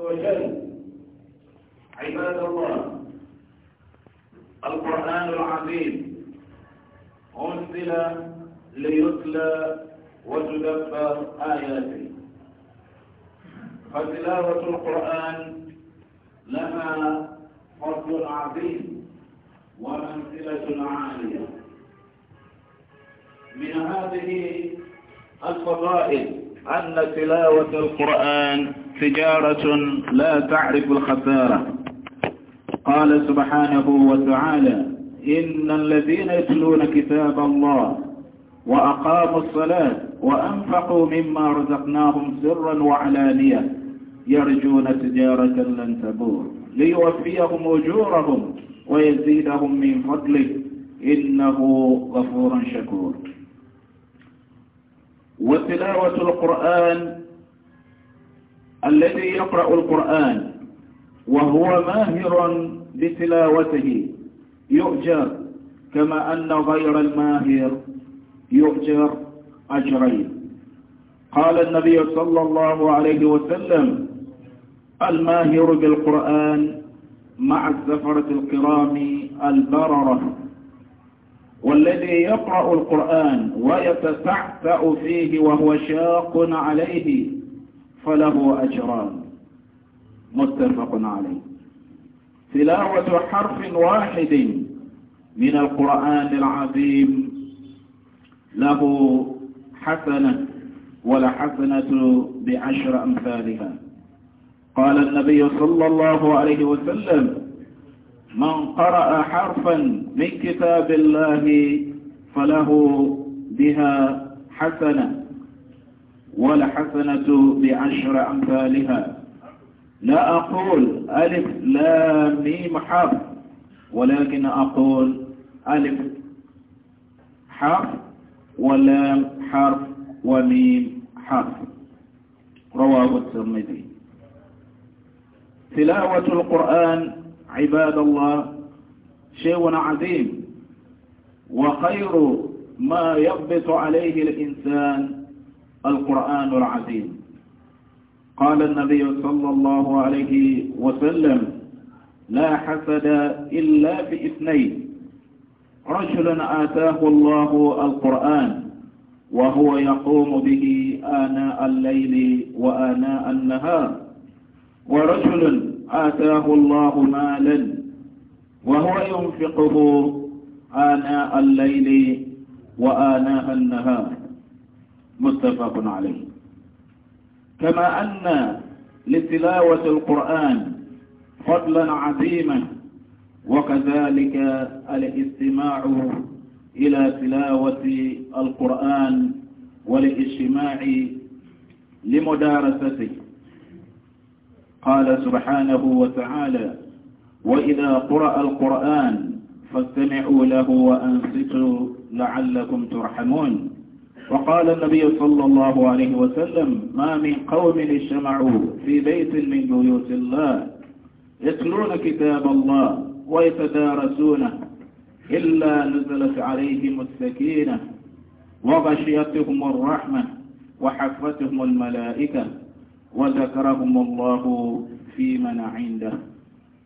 وجل عباد الله القرآن العظيم أنزل ليتلى وتدبر آياته فتلاوة القرآن لها فضل عظيم ومنزلة عالية من هذه الفضائل أن تلاوة القرآن تجارة لا تعرف الخسارة قال سبحانه وتعالى إن الذين يتلون كتاب الله وأقاموا الصلاة وأنفقوا مما رزقناهم سرا وعلانية يرجون تجارة لن تبور ليوفيهم أجورهم ويزيدهم من فضله إنه غفور شكور وتلاوة القرآن الذي يقرأ القرآن وهو ماهر بتلاوته يؤجر كما أن غير الماهر يؤجر أجرين قال النبي صلى الله عليه وسلم الماهر بالقرآن مع الزفرة الكرام البررة والذي يقرأ القرآن ويتسعتأ فيه وهو شاق عليه فله أجران متفق عليه تلاوة حرف واحد من القرآن العظيم له حسنة ولحسنة بعشر أمثالها قال النبي صلى الله عليه وسلم من قرأ حرفا من كتاب الله فله بها حسنة والحسنة بعشر أمثالها لا أقول ألف لا ميم حرف ولكن أقول ألف حرف ولام حرف وميم حرف رواه الترمذي تلاوة القرآن عباد الله شيء عظيم وخير ما يضبط عليه الإنسان القرآن العظيم قال النبي صلى الله عليه وسلم لا حسد إلا في اثنين رجل آتاه الله القرآن وهو يقوم به آناء الليل وآناء النهار ورجل آتاه الله مالا وهو ينفقه آناء الليل وآناء النهار متفق عليه كما أن لتلاوة القرآن فضلا عظيما وكذلك الاستماع إلى تلاوة القرآن والاجتماع لمدارسته قال سبحانه وتعالى وإذا قرأ القرآن فاستمعوا له وأنصتوا لعلكم ترحمون وقال النبي صلى الله عليه وسلم ما من قوم اجتمعوا في بيت من بيوت الله يتلون كتاب الله ويتدارسونه إلا نزلت عليهم السكينة وغشيتهم الرحمة وحفتهم الملائكة وذكرهم الله في من عنده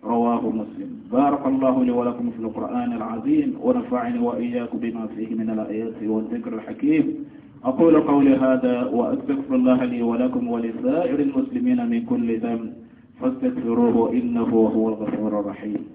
رواه مسلم بارك الله لي ولكم في القرآن العظيم ونفعني وإياكم بما فيه من الآيات والذكر الحكيم أقول قولي هذا وأستغفر الله لي ولكم ولسائر المسلمين من كل ذنب فاستغفروه إنه هو الغفور الرحيم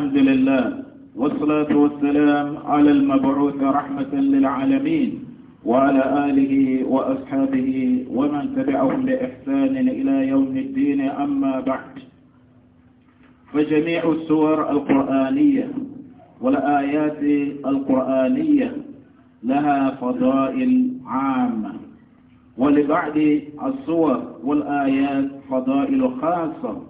الحمد لله والصلاة والسلام على المبعوث رحمة للعالمين وعلى آله وأصحابه ومن تبعهم بإحسان إلى يوم الدين أما بعد فجميع السور القرآنية والآيات القرآنية لها فضائل عامة ولبعض الصور والآيات فضائل خاصة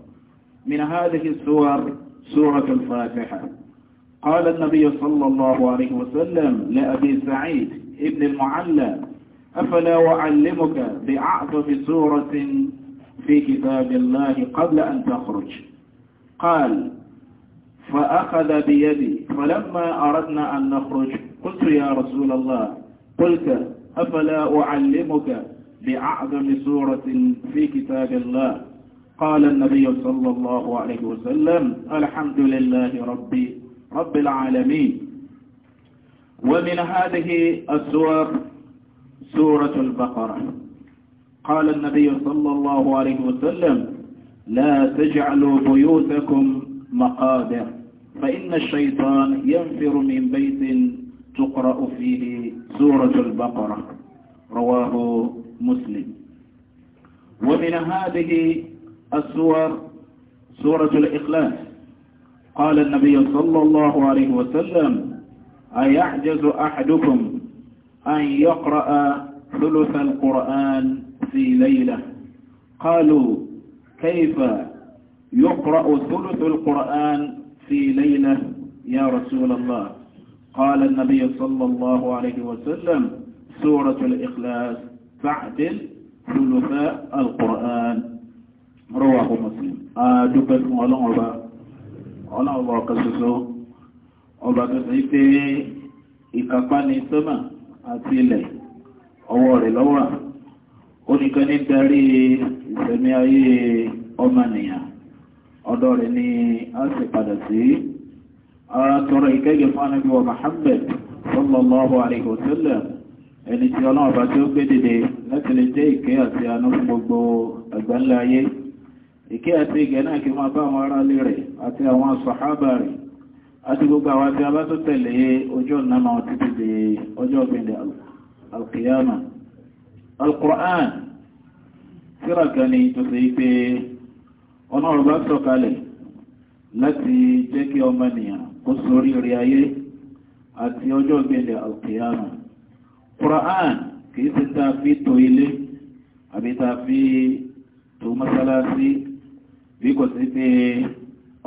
من هذه السور سورة الفاتحة قال النبي صلى الله عليه وسلم لأبي سعيد ابن المعلى أفلا أعلمك بأعظم سورة في كتاب الله قبل أن تخرج قال فأخذ بيدي فلما أردنا أن نخرج قلت يا رسول الله قلت أفلا أعلمك بأعظم سورة في كتاب الله قال النبي صلى الله عليه وسلم الحمد لله ربي رب العالمين ومن هذه السور سورة البقرة قال النبي صلى الله عليه وسلم لا تجعلوا بيوتكم مقابر فإن الشيطان ينفر من بيت تقرأ فيه سورة البقرة رواه مسلم ومن هذه السور سورة الإخلاص قال النبي صلى الله عليه وسلم أيعجز أحدكم أن يقرأ ثلث القرآن في ليلة قالوا كيف يقرأ ثلث القرآن في ليلة يا رسول الله قال النبي صلى الله عليه وسلم سورة الإخلاص فاعدل ثلث القرآن rọwà fún muslim a dúpẹ́ fún ọlọ́ọ̀bá ọlọ́ọ̀bá ọ̀kan ṣoṣo ọba tó sọ pé ìkápá ni sọ́mà àti ilẹ̀ ọwọ́ rẹ̀ lọ́wọ́ ó nìkan ní darí ìsẹ̀mí ayé ọmọnìyàn ọ̀dọ̀ rẹ̀ ni a sì padà sí ara tọrọ ìkẹ́gẹ̀ fún anábí wa Muhammad sallallahu alayhi wa sallam ẹni tí ọlọ́ọ̀bá tí ó gbé dìde láti lè jẹ́ ìkẹ́ àti anú fún gbogbo àgbáńlá ayé ìkẹ́ àti ìgẹ̀ náà kí wọ́n bá wọn ará lè rẹ̀ àti àwọn sọ̀hábà rẹ̀ àti gbogbo àwọn àti abátó tẹ̀lé ojú ọ̀nà máa títí di ọjọ́ ìpínlẹ̀ alkiyama alkur'an síraka ni tó sì pé ọ̀nà ọ̀rọ̀bá sọ̀kalẹ̀ láti jẹ́ kí ọmọnìyàn kó sórí rí ayé àti ọjọ́ ìpínlẹ̀ alkiyama kur'an kìí ṣe ta fi tó ilé àbí ta fi tó mọ́sálásí bí kò sí pé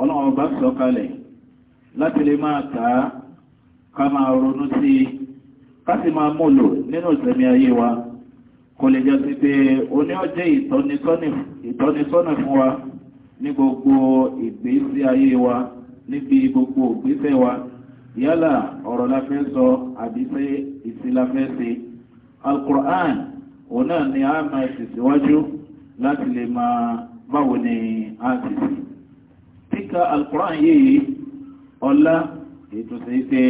ọlọ́run bá sọ kalẹ̀ láti lè máa ta ká máa ronú sí ká sì máa múlò nínú ìsẹ̀mí ayé wa kò lè jẹ́ sí pé oní ọjẹ́ ìtọ́nisọ́nà fún wa ní gbogbo ìgbésí ayé wa níbi gbogbo ìgbésẹ̀ wa yálà ọ̀rọ̀ la fẹ́ sọ àbí pé ìsìn òun náà ni a máa tẹ̀síwájú láti lè máa báwo ni a ti sè kíka alukuran yìí ọlá ètò sí pé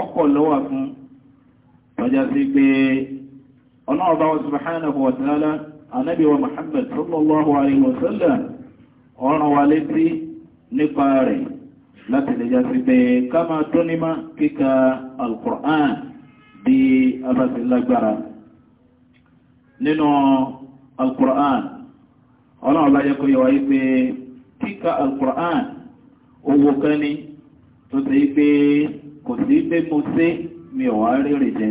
ọkọ̀ lọ́wọ́ fún ọjà sí pé ọlọ́ọ̀bá wa subhanahu wa ta'ala anabi wa muhammad sallallahu alayhi wa sallam ọ̀ràn wa létí nípa rẹ̀ láti lè já sí pé ká máa tó ní má kíka alukuran bí abasilagbara nínú alukuran ọlọ́run bá jẹ́ kó yẹ wáyé pé kíka alukur'an owó kan ní tó ṣe pé kò sí pé mo ṣe mi ò wá rèrè jẹ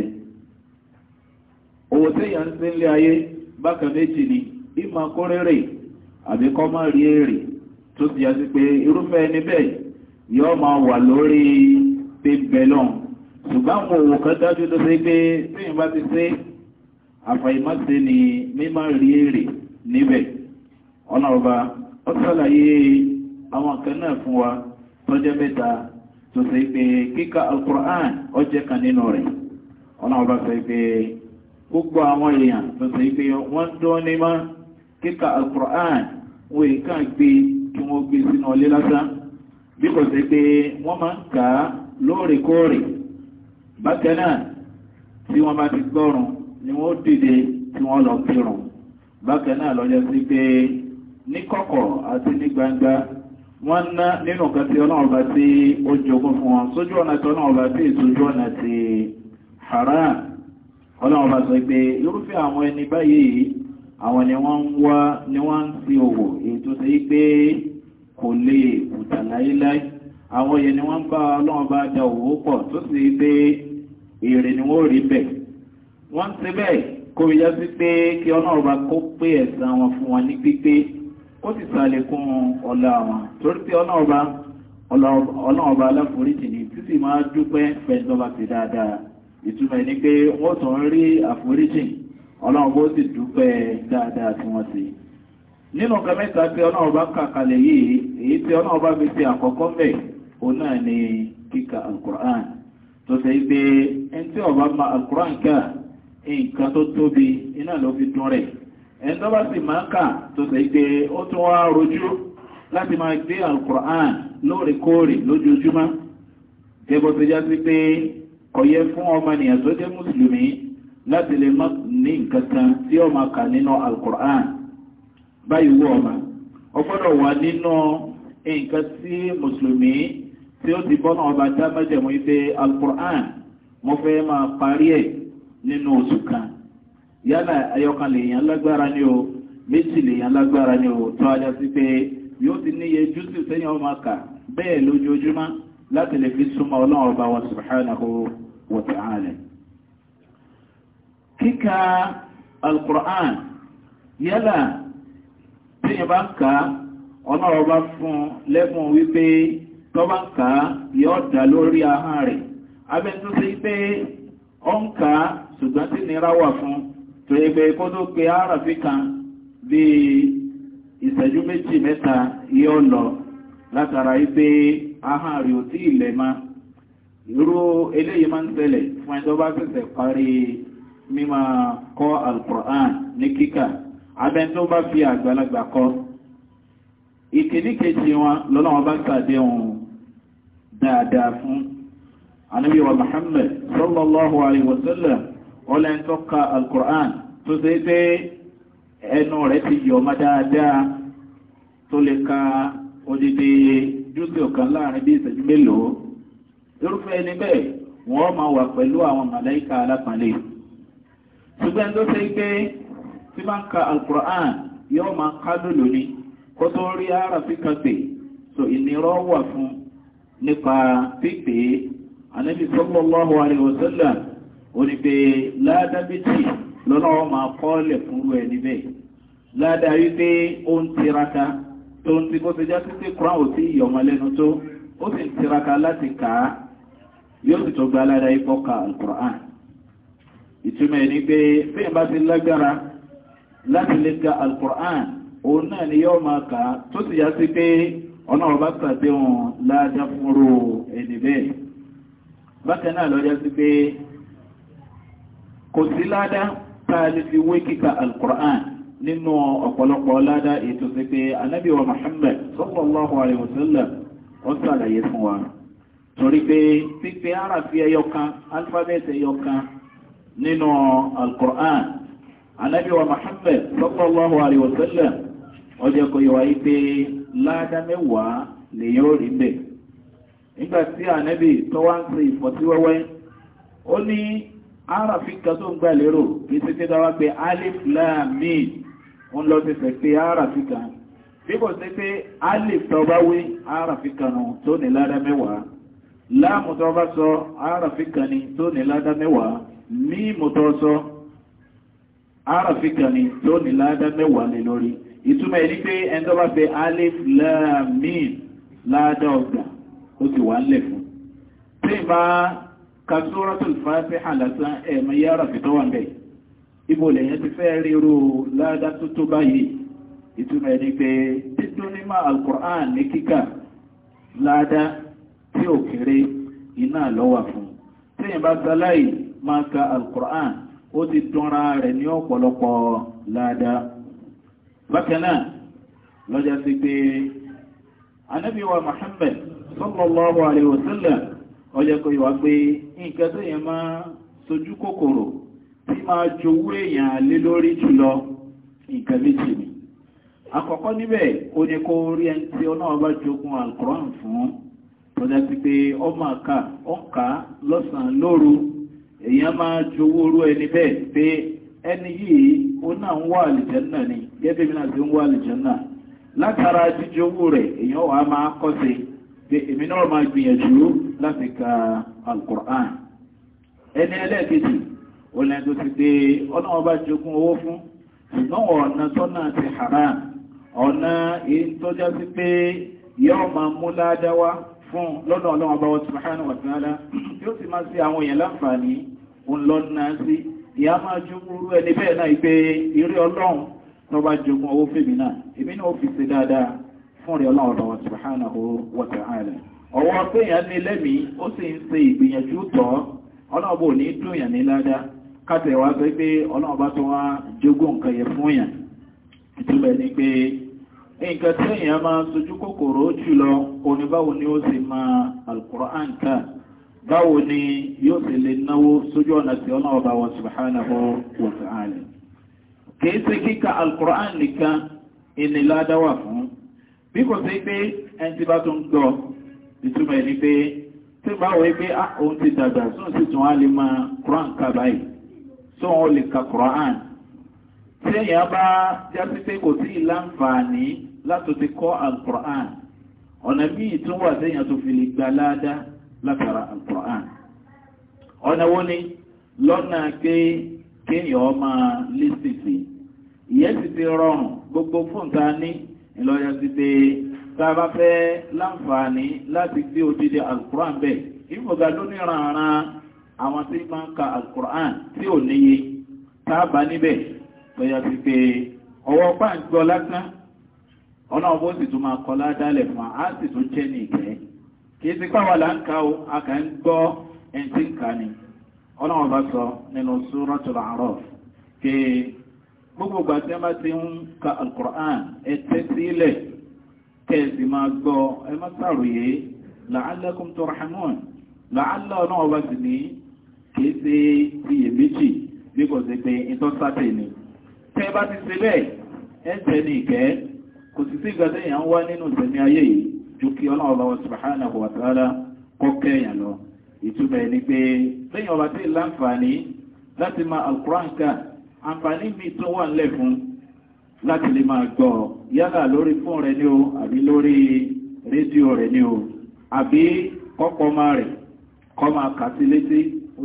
owó tẹ́yà ń ṣe nílé ayé bákan méjì ni ìmọ̀ kó rèrè àbí kọ́ má rí èrè tó ti yà sí pé irúfẹ́ ẹni yóò máa wà lórí bíbẹ̀ náà ṣùgbọ́n àwọn òwò kan dájú tó ṣe pé tẹ́yìn bá ti ṣe àfàìmọ́ṣe ni mímọ́ rí èrè níbẹ̀ ọ̀nà ọba ó sọ́láyé àwọn kan náà fún wa tó jẹ́ mẹ́ta tó sì pé kíkà alkùrán ó jẹ́ kan nínú rẹ̀ ọ̀nà ọba sọ pé gbogbo àwọn èèyàn tó sì pé wọ́n dún ní mọ́ kíkà alkùrán wọ́n èyí kàn gbé kí wọ́n gbé sínú ọlé lásán bí kò sí pé wọ́n máa ń kà á lóòrèkóòrè bákan náà tí wọ́n bá ti gbọ́rùn ni wọ́n dìde tí wọ́n lọ kírun bákan náà lọ́jọ́ sí pé ní kọ̀kọ̀ àti ní gbangba wọ́n ná nínú nǹkan tí ọlọ́run bá tí ó jogún fún wọn sójú ọ̀nà tí ọlọ́run bá tí ìsójú ọ̀nà ti haram ọlọ́run bá sọ pé irúfẹ́ àwọn ẹni báyìí àwọn ni wọ́n ń wá ni wọ́n ń ti òwò èyí tó ṣe pé kò lè kùtà láíláí àwọn yẹn ni wọ́n ń bá ọlọ́run bá da òwò pọ̀ tó sì pé èrè ni wọ́n rí bẹ̀ wọ́n ti bẹ́ẹ̀ kó yá sí pé kí ọlọ́run bá kó pé ẹ̀san wọn fún wọn ní pípé ó sì sàlékún ọlá wọn torí pé ọlọ́ọ̀bá ọlọ́ọ̀bá aláforíjì ni títí máa dúpẹ́ ti dáadáa ìtumọ̀ ni pé wọ́n tún ń rí àforíjì ọlọ́ọ̀bá ó sì dúpẹ́ dáadáa tí wọ́n ti. nínú nǹkan mẹ́ta tí ọlọ́ọ̀bá yìí èyí tí ọlọ́ọ̀bá fi ṣe àkọ́kọ́ mẹ́ òun náà ni kíka alukur'an tó ṣe pé ẹni tí ọba ma alukur'an ká nǹkan tó tóbi iná ló fi dún rẹ̀ ẹni tó bá sì máa kà tó sì pé ó tún wá rojú láti máa gbé alukur'an lóòrèkóòrè lójoojúmọ́ gẹ́gbọ́ tó já sí pé kò yẹ fún ọmọnìyàn tó jẹ́ mùsùlùmí láti lè má ní nǹkan kan tí ó máa kà nínú alukur'an báyìí wú ọmọ ó wà nínú nǹkan tí mùsùlùmí tí ó ti bọ́nà ọba dá mẹ́jẹ̀mú ife mo fẹ́ máa parí ẹ̀ nínú oṣù kan yálà ẹyọkan lèèyàn lágbára ni o méjì lágbára ni o tó ajá sí pé yóò ti níye júùsù sẹ́yìn ọmọ kà bẹ́ẹ̀ lójoojúmọ́ láti lè fi súnmọ́ ọlọ́run ọba wa subhanahu wa ta'ala kíka alqur'an yálà tíyẹ̀ bá ń kà ọlọ́run ọba fún wípé ń kà lórí ahọ́n rẹ̀ abẹ́ntúnṣe pé pèrèpèrè kó tó pe àràfí kan bíi ìṣẹ́jú méjì mẹ́ta yóò lọ látara wípé ahọ́n rẹ̀ ò tí ì ma irú eléyìí máa ń ṣẹlẹ̀ fún ẹjọ́ bá ṣẹ̀ṣẹ̀ parí mímọ́ kọ́ alukur'an ní kíkà abẹ́ńtó bá fi àgbàlagbà kọ́ ìkíní kejì wọn lọ́lọ́wọ́n bá dáadáa fún alayhi wa sallam. wọ́n lẹ́yìn tó ka alukur'an tó ṣe é pé ẹnu rẹ̀ ti yọ̀ ọmọ dáadáa tó lè ka odidi júùsì ọ̀kan láàrin bí ìṣẹ́jú mélòó irúfẹ́ ẹni bẹ́ẹ̀ wọ́n máa wà pẹ̀lú àwọn màláìka alápàlẹ̀ ṣùgbọ́n tó ṣe é pé tí máa ń ka alukur'an yóò máa ká lónìí kó tó rí ara fi kan pè so ìnira wà fún nípa pípé anabi sallallahu alayhi wa ó ní pé ládábìtì lọ́lọ́wọ́ máa kọ́ọ̀lẹ̀ fúnrú ẹ̀ níbẹ̀ ládàá wípé ó ń tiraka tó ń ti bó ti já títí kúrán ò sí ìyọ̀mọ́ lẹ́nu tó ó sì ń tiraka láti kà á yóò sì tó gba ládàá ipò ka alukur'an ìtumọ̀ ẹ̀ ní pé bí n bá ti lágbára láti lè ka alukur'an òun náà ni yóò máa kà á tó sì já sí pé ọ̀nà ọba pàdé wọn fúnrú ẹ̀ níbẹ̀ bákan náà lọ́jà sí pé kò sí ládá táa lè fi wé kíka alkùrán nínú ọ̀pọ̀lọpọ̀ ládá ètò sí pé anábì wa Muhammad sallallahu alaihi wasallam ó sàlàyé fún wa torí pé pípé àràfi ẹyọkan alifábẹ́ẹ̀tì ẹyọkan nínú alkùrán anábì wa Muhammad sallallahu ó jẹ́ kó yé pé ládá mẹ́wàá lè yóò rí bẹ́ẹ̀ nígbà tí anábì tó wá ń ṣe ìfọ̀síwẹ́wẹ́ ó ní ara fi kan tó ń gbà lérò ní títí dáwà pé alif lam mim ń lọ sí sẹ pé ara fi kan bí kò sí pé alif tó bá wí ara fi kan nù tó ní ládá mẹ́wàá láàmù tó bá sọ ara fi kan ní tó ní ládá mẹ́wàá mímù tó sọ ara fi kan ní tó ní ládá mẹ́wàá lé lórí ìtumọ̀ ẹni pé ẹni tó bá pé alif lam mim ládá ọgbà ó ti wà ń lẹ̀ fún tí máa ka suratul fatiha lásán ẹ̀mọ yára fìtọ́ wà bẹ́ẹ̀ ibo lẹ́yìn ti fẹ́ ríru ládá tó tó báyìí ìtumọ̀ ẹni pé títún ní máa alkùrán ní kíkà ládá tí ò kéré iná lọ́wà fún tíyìn bá sáláì máa ka alkùrán ó ti dúnra rẹ̀ ní ọ̀pọ̀lọpọ̀ ládá bákan lọ́jà sí pé anábíwa Muhammad sallallahu alaihi wasallam ọjọ́ kò yíwa pé nǹkan tó yẹn máa sojú kòkòrò tí máa jowú èèyàn lé lórí jùlọ nǹkan méjì ni àkọ́kọ́ níbẹ̀ ó ní kó rí ẹni tí ọlọ́run bá jogun fún tọ́jà pé lọ́sàn-án lóru èèyàn máa orú ẹni bẹ́ẹ̀ pé ẹni yìí ó náà ń wá ni gẹ́gẹ́ bí náà ti ń wá látara rẹ̀ èèyàn wàá máa kọ́ sí pé èmi náà máa gbìyànjú láti ka quran ẹni ẹlẹ́ẹ̀kejì olè tó ti pé ọ̀nà ọba jogún owó fún ṣùgbọ́n ọ̀nà tọ́nà ti haram ọ̀nà èyí tó já sí pé yóò máa mú ládáwá fún lọ́nà ọlọ́run ọba wa subhanahu wa ta'ala yóò sì máa sí àwọn èèyàn láǹfààní ńlọ́nà sí ìyá máa jogún irú ẹni bẹ́ẹ̀ náà pé eré ọlọ́run tó bá jogún owó fèmí náà èmi náà ó fi ṣe fún rí ọlọ́run lọ́wọ́ subhanahu wa ta'ala ọwọ́ péyàn ní lẹ́mí ó sì ń ṣe ìgbìyànjú tọ́ ọlọ́run bò ní dùnyàn ní ládá kátẹ̀ wá pé pé tó wá jogún nǹkan yẹn kìí ṣe kíka alukur'an nìkan ìnìládáwà fún bí kò sí pé ẹni tí bá tún gbọ́ ìtumọ̀ ẹni pé tí bá wọ́n pé ah, òun ti dàgbà sóun sì tún á lè máa Quran kà báyìí sóun ó lè ka Quran tí èèyàn bá jásí pé kò tí ì láǹfààní kọ́ al-Quran ọ̀nà míì tún wà téèyàn tó fi lè gba láàdá látara al-Quran ọ̀nà wo ni lọ́nà pé kéèyàn máa lé sèse ìyẹn sì ti rọrùn gbogbo fóun ta ní ìlọ́yọ̀ sí pé tá a bá fẹ́ láǹfààní láti gbé odidi alukuran bẹ́ẹ̀ ìfọ̀gá ló ní ràǹràn àwọn tí máa ń ka alukuran tí ò níye tá a bá níbẹ̀ lọ́yọ̀ sí pé ọwọ́ pàǹjọ lásán ọlọ́run bó sì tún máa kọ́ ládàálẹ̀ fún wa á sì tún jẹ́ ní ìkẹ́ kì í ti pàwọ́ là ń ka o a kà ń gbọ́ ẹni tí ń kà ni ọlọ́run bá sọ nínú Suratul A'raf kí gbogbo ìgbà tí a bá ti ń ka alukur'an ẹ tẹ́tí ilẹ̀ kẹ́ẹ̀sì máa gbọ́ ẹ má sàròyé la'allakum turhamun làálà ọ̀nà ọba sì ní kìí ṣe iyèméjì bí kò sí pé ìtọ́ sátẹ̀ ni tẹ́ bá ti ṣe bẹ́ẹ̀ ẹ tẹ́ ní ìkẹ́ kò sì sí ìgbà tẹ́yìn wá nínú ìsẹ̀mí ayé yìí ju kí ọ̀nà ọba subhanahu wa ta'ala kọ́ kẹ́yìn lọ ìtumọ̀ ẹni pé lẹ́yìn ọba tí ì àǹfààní mi tó wà nílẹ̀ fún láti lè máa gbọ́ yálà lórí fóònù rẹ̀ ni o àbí lórí rédíò rẹ̀ ni o àbí kọ́kọ́ máa rẹ̀ kọ́ máa kà sí létí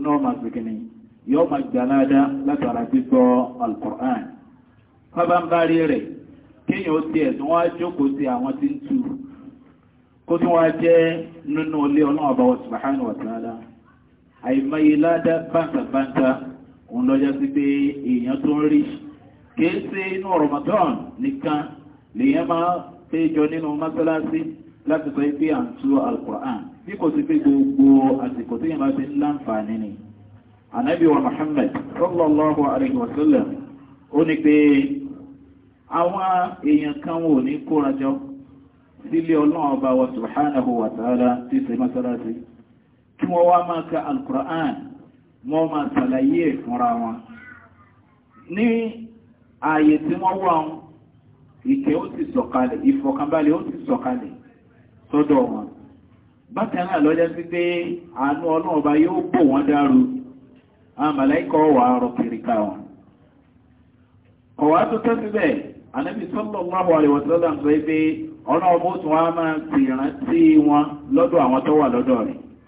náà máa gbẹ̀gẹ̀ni yóò máa gbà ládàá látara gbígbọ́ alukur'an pábánbárí rẹ̀ kéèyàn ó tiẹ̀ tí wọ́n jókòó sí àwọn tí ń tu kó tí wọ́n jẹ́ nínú ilé ọlọ́run ọba wa subhanahu wa ta'ala àìmọye ládàá bántàbántà òun lọ́jọ́ sí pé èèyàn tó ń rí kìí ṣe inú Ramadan nìkan lèèyàn máa péjọ nínú mọ́sálásí láti sọ pé à ń tú Al-Qur'an bí kò sí pé gbogbo àsìkò tí yẹn bá ti ń láǹfààní ni anabi wa Muhammad sallallahu alayhi wa sallam ó ní pé àwọn èèyàn kan wò ní kórajọ sílé ọlọ́run ọba wa subhanahu wa ta'ala ti ṣe mọ́sálásí kí wọ́n wá máa ka al wọ́n máa ṣàlàyé ẹ̀ fúnra wọn ní ààyè tí wọ́n wà ń ìkẹ́ ó ti sọ̀kalẹ̀ ìfọ̀kànbalẹ̀ ó ti sọ̀kalẹ̀ sọ́dọ̀ wọn bákan náà lọ́jọ́ sí pé àánú ọba yóò bò wọ́n dáru àwọn wà á rọ wọn ọ̀wá tó tẹ́ síbẹ̀ ànábì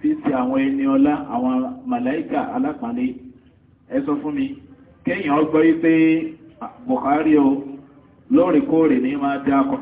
tí ti àwọn ẹni ọlá àwọn màláìkà alápàdé ẹ sọ fún mi kéèyàn gbọ́ yí pé Buhari o lóòrèkóòrè ní máa dá akọ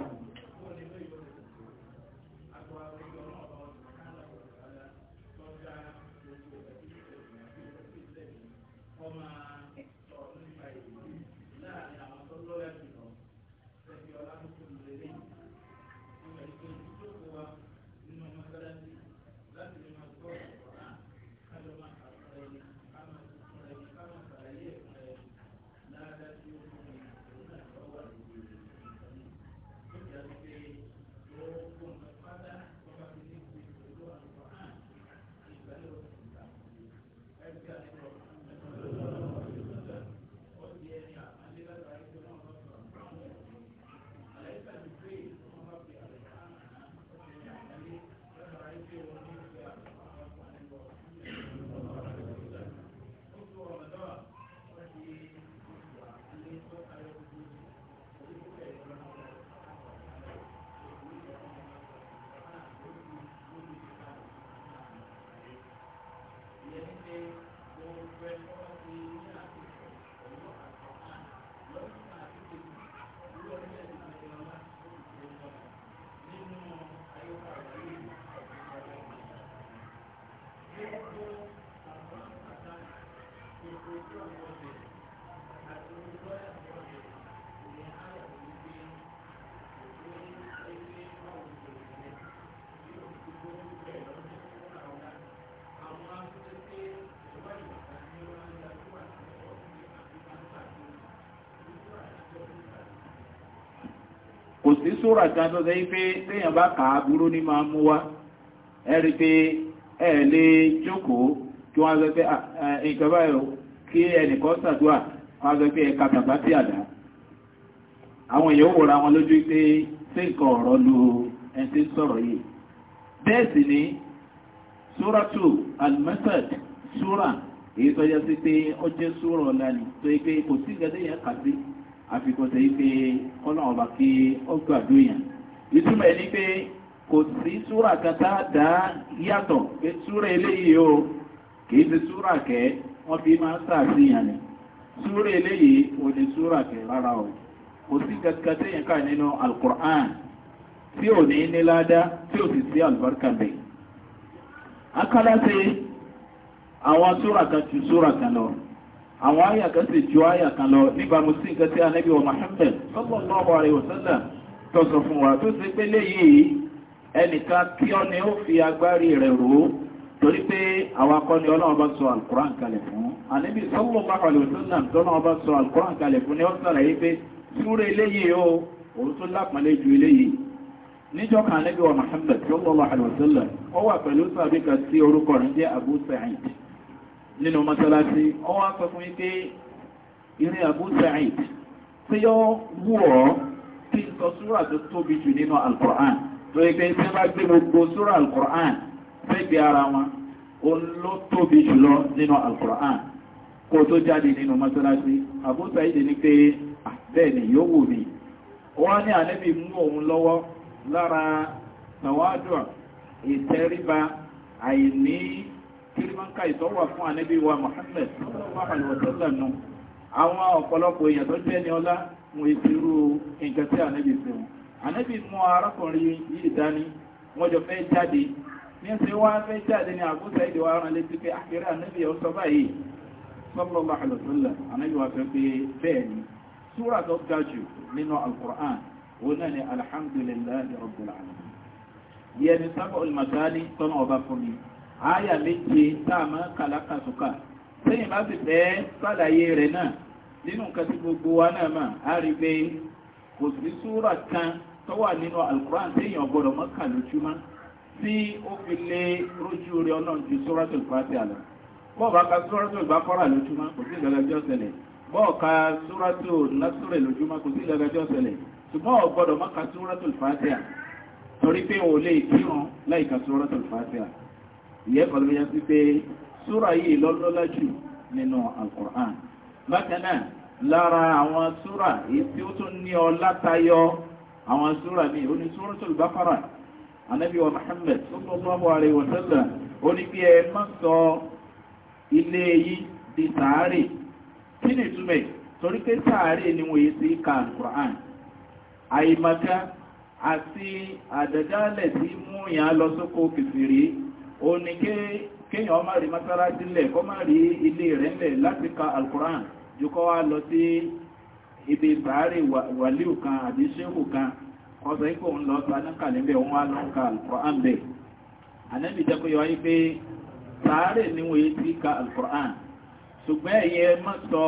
Thank you. kò sí sóra kan tó sẹ́yí pé téèyàn bá kà á burú ní máa mú wá ẹ̀rí pé ẹ̀ lè jókòó kí wọ́n sọ pé nǹkan báyìí kí ẹnìkan ṣàdúrà wọ́n sọ pé ẹ̀ka bàbá sí àdá àwọn èèyàn wòra wọn lójú pé sí nǹkan ọ̀rọ̀ lu ẹni tí ń sọ̀rọ̀ yìí bẹ́ẹ̀ sì ni súrátù al-masad súrà èyí tó sí pé ó jẹ́ súrà ọ̀la ni tó yẹ pé kò sí gẹ́gẹ́ yẹn kà sí àfikọ́sẹ̀ yìí pé kọ́nà ọba kí ó gbàdúrà yàn ìtumọ̀ ẹni pé kò sí súrà kata dá yàtọ̀ pé súrà eléyìí o kìí ṣe súrà kẹ́ wọ́n fi máa sàfihàn ni súrà eléyìí ò ní súrà kẹ́ rárá o kò sí kankan téèyàn kà nínú alukur'an tí ò ní ní ládàá tí ò sì sí àlùbáríkà bẹ́ẹ̀. akálá ṣe àwọn súrà kan ju súrà kan lọ àwọn àyà kan sì ju àyà kan lọ níbàámu sí nǹkan tí anábì wa Muhammad sallallahu alaihi wasallam tọ̀sọ̀ fún wa tó ṣe pé léyìí ẹnìkan kí ọ ni ó fi agbárí rẹ̀ rò ó torí pé àwọn akọni ọlọ́run bá sọ alukuran kalẹ̀ fún anábì sallallahu alaihi wasallam tọ́lọ́run bá sọ alukuran kalẹ̀ fún ni ó sàlàyé pé súré eléyìí o òun tó níjọ́ kan anábì wa Muhammad sallallahu alaihi wasallam ó pẹ̀lú sàbíkà sí orúkọ rẹ̀ jẹ́ Abu Sa'id nínú mọ́sálásí ọwọ́ apẹ́ fún yín pé irin Abu Sa'id tí yọ wù ọ́ kí n sọ súrà tó tóbi jù nínú Al-Qur'an tó yẹ pé tí bá gbé gbogbo súrà Al-Qur'an fẹ́gbẹ́ ara wọn ó ló tóbi jùlọ nínú al kó tó jáde nínú mọ́sálásí Abu Sa'id ní pé bẹ́ẹ̀ ni yóò wù mí wọ́n ní ànábì mú òun lọ́wọ́ lára tàwádùn ìtẹríba àìní kírímọ́ká ìtọ́wà fún ànábì wa Muhammad sallallahu alaihi wasallam nù àwọn ọ̀pọ̀lọpọ̀ èèyàn tó jẹ́ ní ọlá wọn èsì irú nǹkan tí ànábì sí wọn ànábì mú arákùnrin yìí dání wọ́n jọ fẹ́ jáde ní ṣe wá fẹ́ jáde ní àbúsà ìdíwà rán létí pé àkẹrẹ ah, ànábì ọ̀ sọ báyìí sallallahu alaihi wasallam ànábì wa fẹ́ pé bẹ́ẹ̀ ni súrà tó ga jù nínú al-Qur'an náà ni alhamdulillahi rabbil yẹni sábà olùmọ̀gáni tọ́nà ọba fún mi àyà méje táàmà kàlákàtúkà sẹ́yìn bá sì fẹ́ sàlàyé rẹ̀ náà nínú nǹkan tí gbogbo wa náà mà á rí pé kò sí súrà kan tó wà nínú alukuran téèyàn gbọ́dọ̀ mọ́kà lójúmọ́ tí ó fi lé rójú rẹ̀ ọ̀nà ju Suratul Fatiha lọ bọ́ọ̀bá ka Suratul Baqara lójúmọ́ kò sí ìdàgbàjọ́ ṣẹlẹ̀ bọ́ọ̀ka Suratul Nasr lójúmọ́ kò sí ìdàgbàjọ́ ṣẹlẹ̀ ṣùgbọ́n ọ̀gbọ́dọ̀ mọ́kà Suratul Fatiha torí pé òun lè kírun láìka Suratul Fatiha ìyẹ́ pàtàkìyàn sí pé súra yìí lọ́lọ́lá jù nínú alkùnrán bákanáà lára àwọn súra èyí tí ó tún ní ọ látayọ àwọn súra ní oní súratul Baqara anábì wa Muhammad sallallahu alaihi wa sallam ó ní bí ẹ má sọ ilé yìí di sàárè kí ni ìtumẹ̀ torí pé sàárè ni wọ́n yìí sí ka alkùnrán àyèmàká àti àdàdálẹ̀ tí mú yàn lọ sóko kìfìrí ó ní kéèyàn ọmọ rí mọ́sálásí lẹ̀ kọ́ má rí ilé rẹ̀ ńlẹ̀ láti ka alukuran ju kọ́ wá lọ sí ibi sàárè wàlíù kan àbí ṣéhù kan ọ̀sọ̀ ikú òun lọ sọ anákàlẹ̀ bẹ́ẹ̀ lọ ka alukuran bẹ́ẹ̀ ànábì jẹ́ kó yọ wáyé pé sàárè ni wọ́n yé ti ka alukuran ṣùgbọ́n ẹ̀yẹ má sọ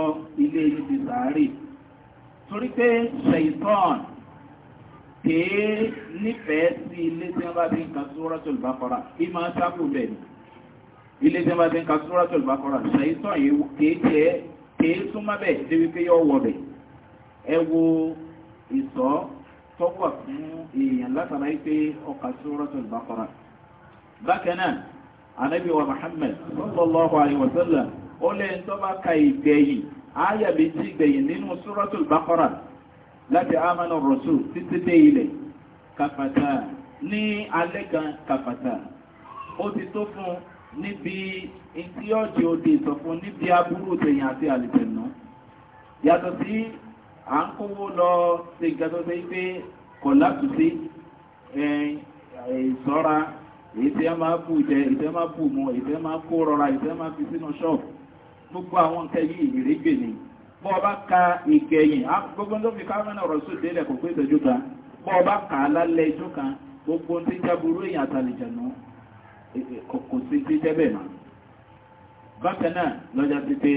kèé nífẹ̀ẹ́ sí ilé tí wọ́n bá ti ń ka Suratul Baqara kí máa sábò bẹ̀ ni ilé tí wọ́n bá ti ń ka Suratul Baqara ṣàyítọ́ yìí kèé tiẹ̀ kèé súnmọ́ bẹ̀ débi pé yọ wọ̀ bẹ̀ ẹ wo ìsọ́ tọ́wọ̀ fún èèyàn látara yìí pé ọkà Suratul Baqara. bákan náà anabi wa Muhammad sallallahu alayhi ó lẹ́yìn tó bá ka ìgbẹ̀yìn áyà méjì ìgbẹ̀yìn nínú Suratul Baqara láti amánà rọ̀sù títí dé ilẹ̀ kàfàtà ní alẹ́ kan kàfàtà ó ti tó fún níbi tí ọ̀dì òde ìsọ̀fún níbi aburú tẹ̀yìn àti àlìtẹ̀nà yàtọ̀ sí à ń kówó lọ sí ìgbàdọ́sẹ́ pé kọ̀ látùsí ìṣọ́ra ìtẹ́ máa bù jẹ ìtẹ́ máa bù mọ́ ìtẹ́ máa kó rọra ìtẹ́ máa fi sínú ṣọ́ọ̀bù gbogbo àwọn nǹkan yìí ìrégbè ni bọ́ ọba ka ìkẹyìn gbogbo tó fi káwọn ọ̀rọ̀ sùn délẹ̀ kò pé ìtọ́jú kan bọ́ ọba kà á lálẹ́ ìjọ kan gbogbo tí jáburú èèyàn àtàlìjànú e, e, kò sí ti tẹ́bẹ̀ mọ́. bákan lọ́jà ti pé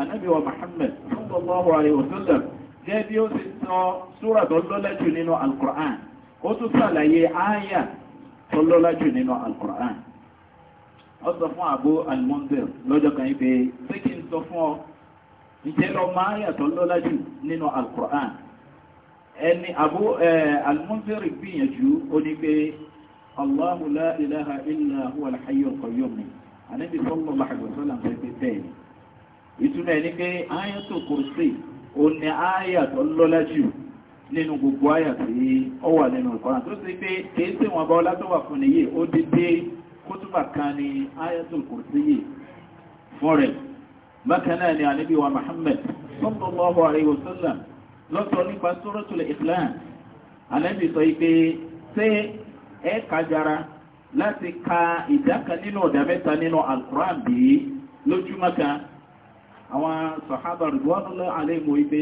anábì wa Muhammad sallallahu alaihi wasallam jẹ́ bí ó ti sọ súrà tó lọ́lá jù nínú alukur'an ó tún sàlàyé ááyà tó Abu al-Mundhir lọ́jọ́ kan yìí pé ìjẹ́lọ máa yà tó lọ́lá jù nínú alkùrán ẹni àbú almunziri gbìyànjú ó ní pé allahu la ilaha illa huwa alhayyul qayyum ni anabi sallallahu alaihi wasallam sọ pé bẹ́ẹ̀ ni ìtumọ̀ ẹni pé ayatu kursi ó ní àyà tó lọ́lá jù nínú gbogbo àyà tí ó wà nínú bákan náà ni ànábì wa Muhammad sallallahu alayhi wa sallam lọ́tọ̀ nípa suratul Ikhlas ànábì sọ pé ṣé ẹ kájára láti ka ìdá kan nínú ọ̀dà mẹ́ta nínú al-Qur'an bìí lójúmọ́ kan àwọn sàhábà ridwanullahi alayhim ìgbé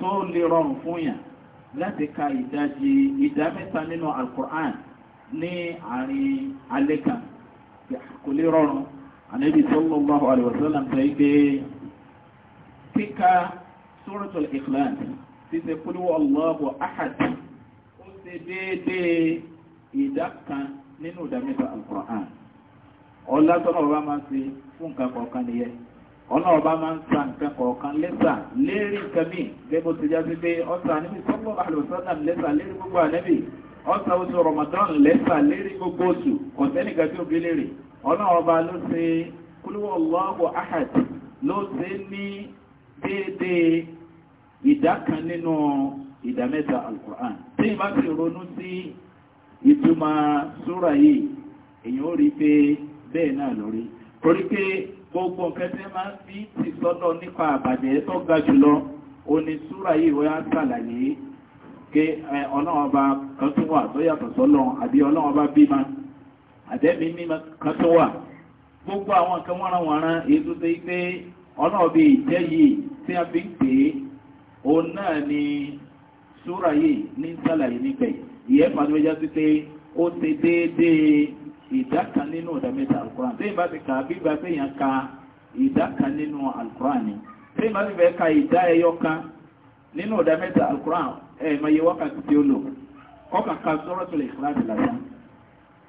tó lè rọrùn fún yàn láti ka ìdajì ìdá mẹ́ta nínú al-Qur'an ní àárín alẹ́ kan kò lè rọrùn ànábì sallallahu alaihi wasallam sọ pé kíka suratul ikhlas títẹ kúlú Allahu ahad ó ṣe déédéé ìdá kan nínú ìdá mẹ́ta al-Qur'an ọlá tọ́nà ọba máa ń ṣe fún nǹkan kọ̀ọ̀kan nìyẹn ọ̀nà ọba máa ń sa nǹkan kọ̀ọ̀kan lẹ́sà lérí nǹkan míì gẹ́gbó ti jáde pé ọ̀sà níbi sọ́kọ̀ àlùsọ́nà lẹ́sà lérí gbogbo ànẹ́bì oṣù Ramadan lẹ́sà lérí gbogbo oṣù kọ̀sẹ́nìkan tí ó gbé lérí ọlọ́ọ̀ba ló ṣe kúlúwọ̀ lọ́wọ́ ahad ló ṣe ní déédéé ìdá kan nínú ìdá mẹ́ta alukur'an tí ìbá ti ronú sí ìtumọ̀ súra yìí èyàn ó rí pé bẹ́ẹ̀ náà lórí torí pé gbogbo nǹkan tí máa ń fi ti sọ́dọ̀ nípa àbàjẹ́ tó ga jùlọ òní súra yìí wọ́n á ṣàlàyé pé ọlọ́ọ̀ba kan tún wà tó yàtọ̀ sọ́lọ́ àbí ọlọ́ọ̀ba bímọ àtẹ́mi mímọ́ kan tó wà gbogbo àwọn nǹkan wọ́nranwọ̀nran èyí tó ṣe pé ọ̀nà ọ̀bẹ yìí tí a fi ń pè é òun náà ni súra yìí ní sàlàyé níbẹ̀ ìyẹn fàánú ẹja sí pé ó ṣe déédéé ìdá kan nínú ọ̀dà mẹ́ta alukuran tí ìbá ti kà á bí ìgbà tí èèyàn ka ìdá kan nínú alukuran ni tí ìbá ti fẹ́ ka ìdá ẹyọ kan nínú ọ̀dà mẹ́ta alukuran ẹ̀ẹ́mọ̀ wákàtí tí ó lò kọ́kà ka Suratul Ikhlas lásán.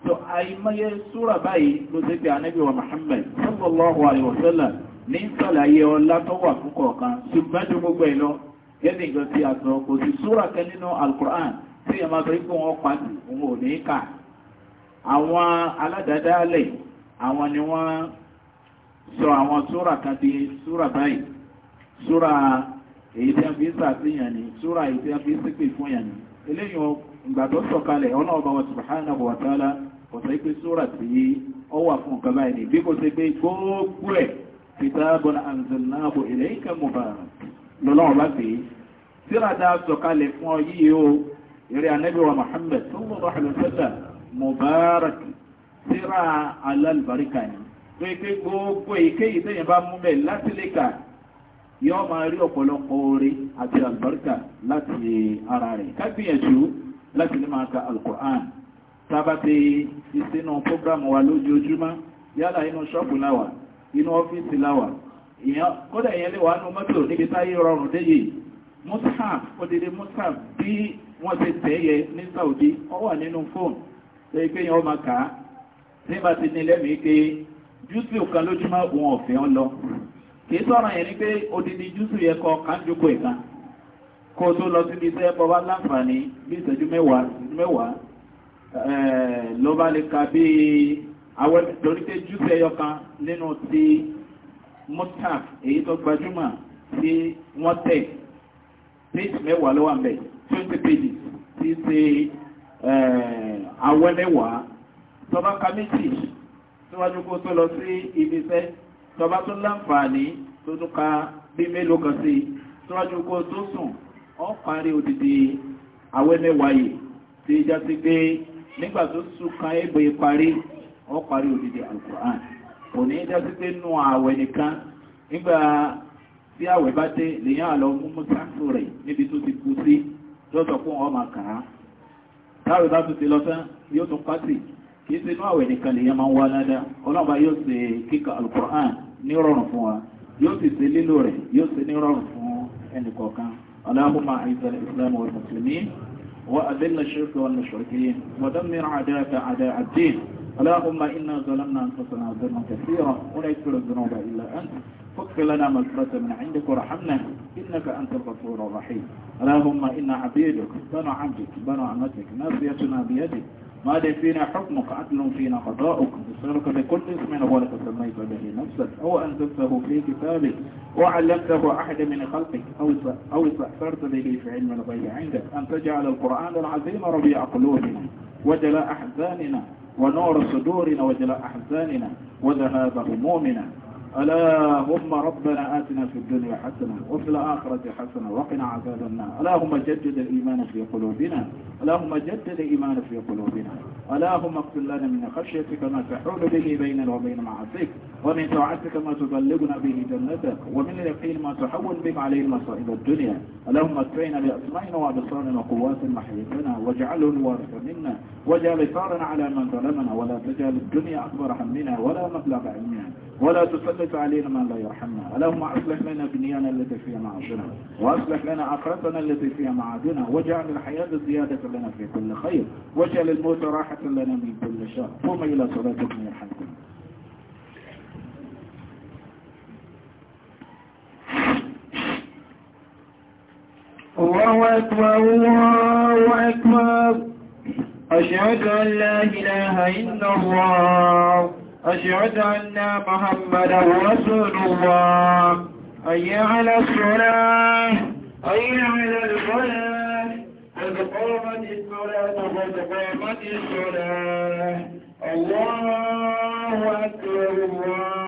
so àìmọye súra báyìí ló ti pé anábì wa Muhammad sallallahu alayhi wa ní sàlàyé ọlá tó wà fún kọ̀ọ̀kan ṣùgbọ́n gbogbo ẹ̀ lọ ti nǹkan kò sí súra kan nínú tí ẹ̀ máa sọ pé wọ́n òun ò ní kà àwọn aládàádáálẹ̀ àwọn ni wọ́n sọ àwọn súra kan di súra báyìí súra èyí tí a fi súra èyí tí a fi sípè fún yàn eléyìí wa wa ta'ala kò sọ pé sóra tí ó wà fún nǹkan báyìí ni bí kò sọ pé gbogbo ẹ̀ kitabun anzalnahu ilayka mubarak lọ́lọ́wọ́ bá pè é síra tá a sọ̀kalẹ̀ fún ọ yìí o eré anábì wa Muhammad sallallahu láti ara rẹ̀ ká láti lè máa ka alukur'an tàbá ti ìsinú prógrámù wa lójoojúmọ́ yálà inú ṣọ́pù láwà inú ọ́fíìsì láwà kódà ìyẹn lè wà nú mọ́tò níbi táyé rọrùn déyè mustaf odidi mustaf bí wọ́n ti tẹ́yẹ ní Saudi ó wà nínú fóònù tó yẹ kéèyàn ọmọ kà á nígbà tí ní lẹ́mìí pé júùsì kan lójúmọ́ òun ọ̀fẹ́ ọ lọ kì í sọ̀rọ̀ yẹn ni pé odidi júùsì yẹ kọ kánjókòó ìkan kó tó lọ síbi iṣẹ́ bọ́ wá láǹfààní bí ìṣẹ́jú mẹ́wàá Eh, ló bá lè ka bí àwọn torí pé júùsì ẹyọkan nínú ti mustaf èyí tó gbajúmọ̀ tí wọ́n tẹ̀ page mẹ́wàá ló wà ńbẹ̀ twenty pages tí ṣe awẹ́ eh, mẹ́wàá tọba ka méjì síwájú kó tó lọ sí ibi iṣẹ́ tọba tó láǹfààní tó tún ka bí mélòó kan sí síwájú kó tó sùn ó parí odidi awẹ́ yìí tí já sí pé Nigba tó súnkan ébò ìparí wọ́n parí òdìdí alukur'an kò ní í dásí pé nù àwẹ̀ nìkan nígbà tí àwẹ̀ bá dé lèyàn àlọ́ mú mọ́sáàtò rẹ̀ níbi tó ti kú sí lọ́sọ̀ fún ọmọ kàn táwẹ̀ bá tún ti lọ tán yóò tún pàtì kì í ṣe àwẹ̀ nìkan lèyàn máa ń wá ládàá ọlọ́ba yóò ṣe kíkà alukur'an ní rọrùn fún wa yóò sì ṣe lílò rẹ̀ yóò ṣe ní rọrùn fún ẹnìkọ̀ọ̀kan aláhùnmá àìsàn وأذل الشرك والمشركين ودمر عداك عداء الدين اللهم إنا ظلمنا أنفسنا ظلما كثيرا ولا يغفر الذنوب إلا أنت فاغفر لنا مغفرة من عندك ورحمنا إنك أنت الغفور الرحيم اللهم إنا عبيدك بنو عبدك بنو عمتك ناصيتنا بيدك ماضي فينا حكمك عدل فينا قضاؤك نسألك بكل اسم ولك سميت به نفسك أو أنزلته في كتابك وعلمته أحد من خلقك أو استأثرت به في علم الغيب عندك أن تجعل القرآن العظيم ربيع قلوبنا وجلاء أحزاننا ونور صدورنا وجلاء أحزاننا وذهاب همومنا ألا هم ربنا آتنا في الدنيا حسنة وفي الآخرة حسنة وقنا عذاب النار اللهم جدد الإيمان في قلوبنا اللهم جدد الإيمان في قلوبنا اللهم اغفر لنا من خشيتك ما تحول به بيننا وبين معاصيك ومن طاعتك ما تبلغنا به جنتك ومن اليقين ما تحول به علينا مصائب الدنيا اللهم اتبعنا بأسمائنا وأبصارنا وقواتنا محيطنا واجعله الوارث منا واجعل ثارنا على من ظلمنا ولا تجعل الدنيا أكبر همنا ولا مبلغ علمنا ولا تسلط علينا من لا يرحمنا اللهم أصلح لنا دنيانا التي فيها معادنا وأصلح لنا آخرتنا التي فيها معادنا واجعل الحياة زيادة لنا في كل خير واجعل الموت راحة لنا من كل شر قوم إلى صلاتك من يرحمكم الله أكبر الله أكبر أشهد أن لا إله إلا الله أشهد أن محمد رسول الله أي على الصلاة أي على الفلاح قد قامت الصلاة قد قامت الصلاة الله أكبر الله